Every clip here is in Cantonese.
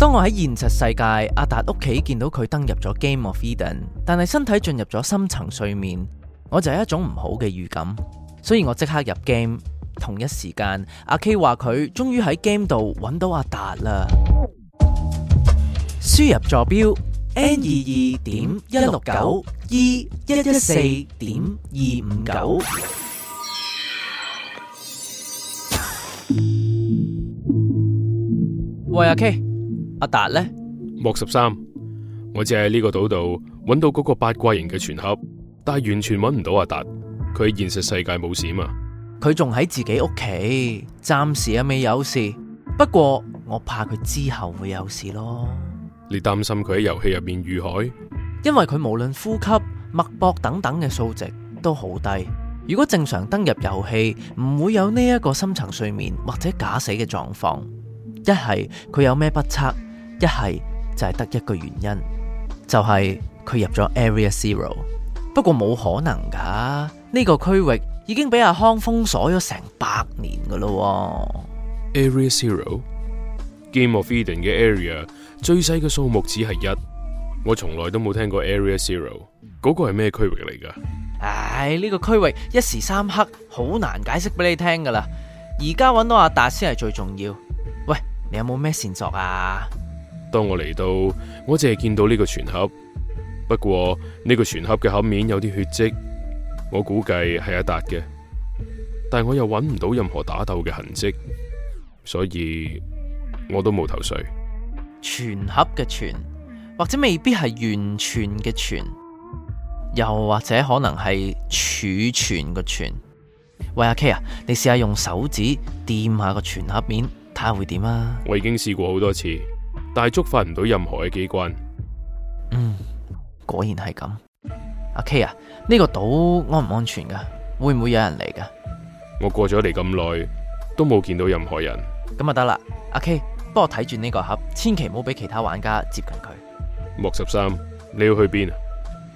當我喺現實世界阿達屋企見到佢登入咗 Game of Eden，但係身體進入咗深層睡眠，我就有一種唔好嘅預感。所以，我即刻入 Game。同一時間，阿 K 話佢終於喺 Game 度揾到阿達啦。輸入坐標 N 二二點一六九 E 一一四點二五九。喂，阿 K。阿達呢？莫十三，我只係喺呢個島度揾到嗰個八卦型嘅全盒，但係完全揾唔到阿達，佢現實世界冇事嘛？佢仲喺自己屋企，暫時未有事。不過我怕佢之後會有事咯。你擔心佢喺遊戲入面遇害？因為佢無論呼吸、脈搏等等嘅數值都好低。如果正常登入遊戲，唔會有呢一個深層睡眠或者假死嘅狀況。一係佢有咩不測？一係就係得一個原因，就係佢入咗 Area Zero。不過冇可能噶，呢個區域已經俾阿康封鎖咗成百年噶咯。Area Zero? Game of Eden 嘅 Area 最細嘅數目只係一，我從來都冇聽過 Area Zero，嗰個係咩區域嚟噶？唉，呢個區域一時三刻好難解釋俾你聽噶啦。而家揾到阿達先係最重要。喂，你有冇咩線索啊？當我嚟到，我淨係見到呢個全盒，不過呢個全盒嘅盒面有啲血跡，我估計係阿達嘅，但係我又揾唔到任何打鬥嘅痕跡，所以我都冇頭緒。全盒嘅全，或者未必係完全嘅全，又或者可能係儲存嘅存。喂，阿 K 啊，你試下用手指掂下個全盒面，睇下會點啊！我已經試過好多次。但係觸發唔到任何嘅機關。嗯，果然係咁。阿 K 啊，呢個島安唔安全噶？會唔會有人嚟噶？我過咗嚟咁耐，都冇見到任何人。咁啊得啦，阿 K，幫我睇住呢個盒，千祈唔好俾其他玩家接近佢。莫十三，你要去邊啊？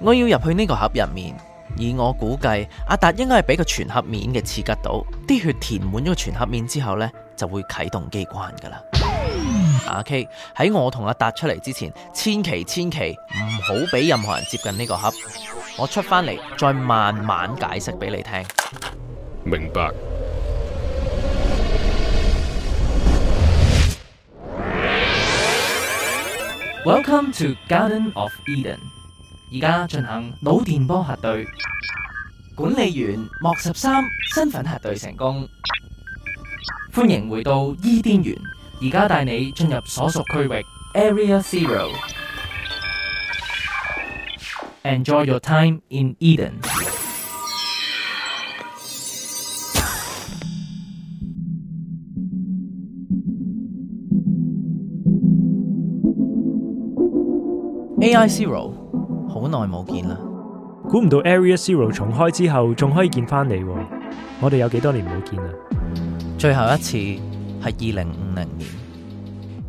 我要入去呢個盒入面。以我估計，阿達應該係俾個全盒面嘅刺拮到，啲血填滿咗個全盒面之後呢，就會啟動機關噶啦。Okay, 阿 K 喺我同阿達出嚟之前，千祈千祈唔好俾任何人接近呢個盒。我出返嚟再慢慢解釋俾你聽。明白。Welcome to Garden of Eden。而家進行腦電波核對。管理員莫十三身份核對成功。歡迎回到伊甸園。而家帶你進入所屬區域 Area Zero。Enjoy your time in Eden。AI Zero，好耐冇見啦。估唔到 Area Zero 重開之後，仲可以見翻你。我哋有幾多年冇見啦？最後一次。係二零五零年，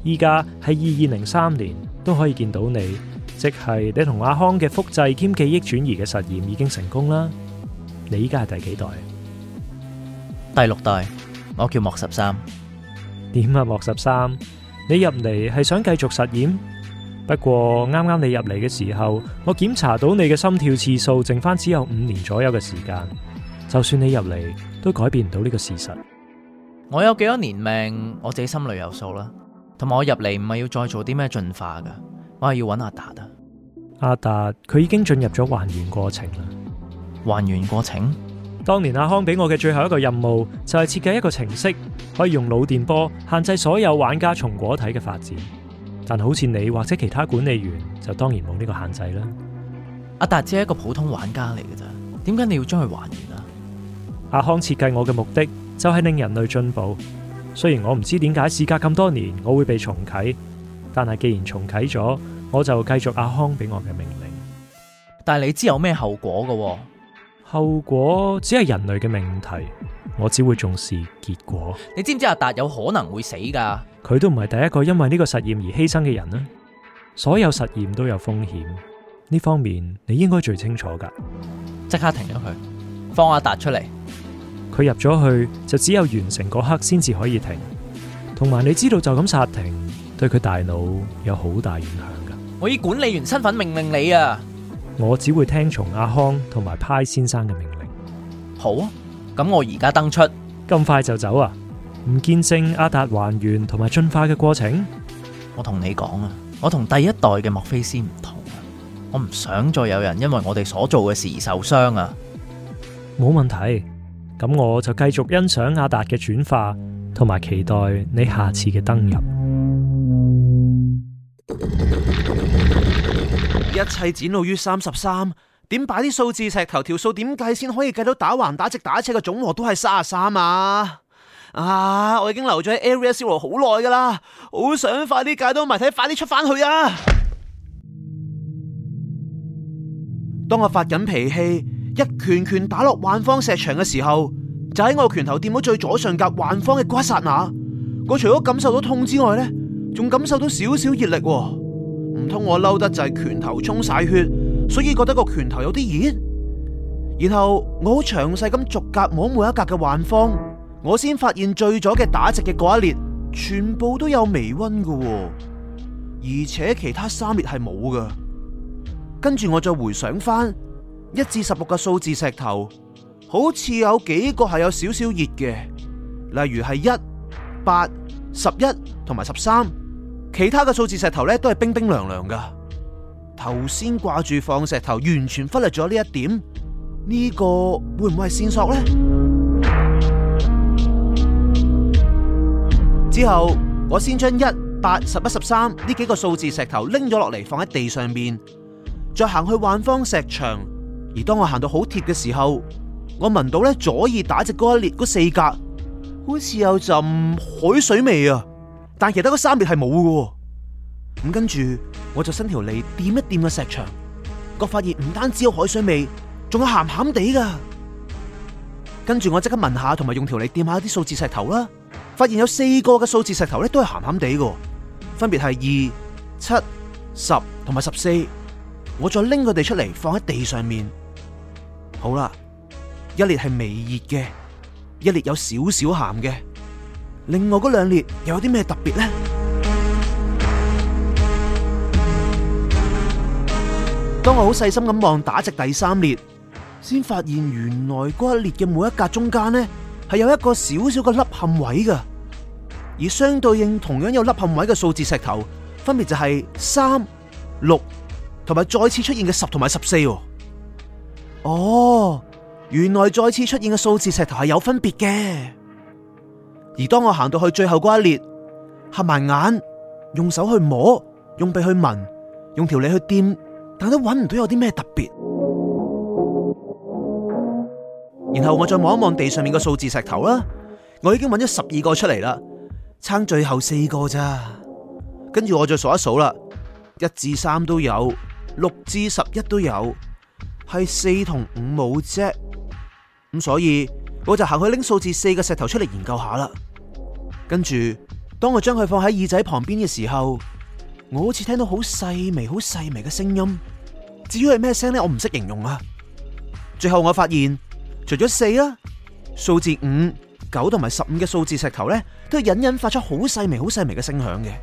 依家係二二零三年都可以見到你，即係你同阿康嘅複製兼記憶轉移嘅實驗已經成功啦。你依家係第幾代？第六代。我叫莫十三。點啊，莫十三？你入嚟係想繼續實驗？不過啱啱你入嚟嘅時候，我檢查到你嘅心跳次數淨返只有五年左右嘅時間。就算你入嚟，都改變唔到呢個事實。我有幾多年命，我自己心裏有數啦。同埋我入嚟唔係要再做啲咩進化嘅，我係要搵阿達啊。阿達佢已經進入咗還原過程啦。還原過程？當年阿康俾我嘅最後一個任務就係設計一個程式，可以用腦電波限制所有玩家松果體嘅發展。但好似你或者其他管理員就當然冇呢個限制啦。阿達只係一個普通玩家嚟嘅咋，點解你要將佢還原啊？阿康設計我嘅目的，就係令人類進步。雖然我唔知點解事隔咁多年我會被重啟，但係既然重啟咗，我就繼續阿康俾我嘅命令。但係你知有咩後果噶喎？後果只係人類嘅命題，我只會重視結果。你知唔知阿達有可能會死噶？佢都唔係第一個因為呢個實驗而犧牲嘅人啦。所有實驗都有風險，呢方面你應該最清楚噶。即刻停咗佢，放阿達出嚟。佢入咗去就只有完成嗰刻先至可以停，同埋你知道就咁煞停，對佢大腦有好大影響噶。我以管理員身份命令你啊！我只會聽從阿康同埋 π 先生嘅命令。好啊，咁我而家登出。咁快就走啊？唔見證阿達還原同埋進化嘅過程？我同你講啊，我同第一代嘅莫菲斯唔同啊，我唔想再有人因為我哋所做嘅事而受傷啊。冇問題。咁我就繼續欣賞阿達嘅轉化，同埋期待你下次嘅登入。一切展露於三十三，點擺啲數字石頭，條數點計先可以計到打橫打直打斜嘅總和都係三十三啊？啊！我已經留咗喺 Area Zero 好耐噶啦，好想快啲解到謎，睇快啲出翻去啊！當我發緊脾氣，一拳拳打落幻方石牆嘅時候，就喺我拳頭掂到最左上格幻方嘅嗰一剎那，我除咗感受到痛之外，呢仲感受到少少熱力。唔通我嬲得就滯，拳頭充晒血，所以覺得個拳頭有啲熱。然後我好詳細咁逐格摸每一格嘅幻方，我先發現最左嘅打直嘅嗰一列，全部都有微溫噶，而且其他三列係冇噶。跟住我再回想翻。一至十六個數字石頭，好似有幾個係有少少熱嘅，例如係一、八、十一同埋十三，其他嘅數字石頭呢都係冰冰涼涼噶。頭先掛住放石頭，完全忽略咗呢一點，呢、這個會唔會係線索呢？之後我先將一、八、十一、十三呢幾個數字石頭拎咗落嚟，放喺地上面，再行去幻方石牆。而當我行到好貼嘅時候，我聞到咧，左耳打直嗰一列嗰四格，好似有陣海水味啊！但其他嗰三列係冇嘅。咁跟住我就伸條脷掂一掂個石牆，我發現唔單止有海水味，仲有鹹鹹地噶。跟住我即刻聞下，同埋用條脷掂下啲數字石頭啦，發現有四個嘅數字石頭咧都係鹹鹹地嘅，分別係二、七、十同埋十四。我再拎佢哋出嚟，放喺地上面。好啦，一列係微熱嘅，一列有少少咸嘅，另外嗰兩列又有啲咩特別呢？當我好細心咁望打直第三列，先發現原來嗰一列嘅每一格中間呢係有一個小小嘅凹陷位㗎，而相對應同樣有凹陷位嘅數字石頭，分別就係三、六同埋再次出現嘅十同埋十四。哦，原來再次出現嘅數字石頭係有分別嘅。而當我行到去最後嗰一列，合埋眼，用手去摸，用鼻去聞，用條脷去掂，但都揾唔到有啲咩特別。然後我再望一望地上面嘅數字石頭啦，我已經揾咗十二個出嚟啦，爭最後四個咋。跟住我再數一數啦，一至三都有，六至十一都有。係四同五冇啫，咁所以我就行去拎數字四嘅石頭出嚟研究下啦。跟住當我將佢放喺耳仔旁邊嘅時候，我好似聽到好細微、好細微嘅聲音。至於係咩聲咧，我唔識形容啊。最後我發現，除咗四啦，數字五、九同埋十五嘅數字石頭咧，都係隱隱發出好細微、好細微嘅聲響嘅。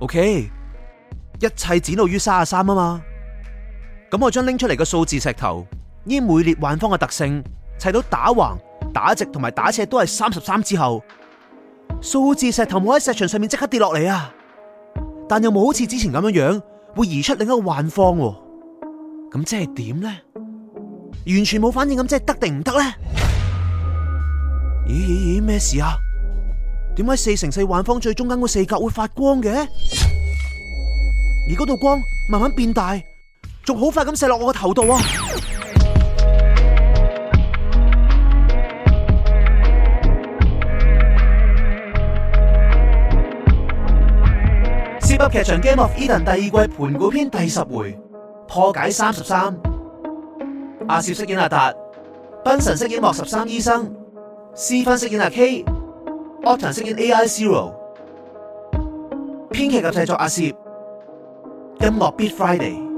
OK，一切展露於三十三啊嘛。咁我將拎出嚟嘅數字石頭，以每列幻方嘅特性，砌到打橫、打直同埋打斜都係三十三之後，數字石頭冇喺石牆上面即刻跌落嚟啊！但又冇好似之前咁樣樣會移出另一個幻方，咁即係點咧？完全冇反應咁，即係得定唔得咧？咦咦咦，咩事啊？點解四乘四幻方最中間嗰四格會發光嘅？而嗰度光慢慢變大。好快咁射落我個頭度啊！《Zip 噏劇場 Game of Eden》第二季盤古篇第十回破解三十三，阿攝飾演阿達，賓神飾演莫十三醫生，C 分飾演阿 K，Otter 飾演 AI Zero，編劇及製作阿攝，音樂 Beat Friday。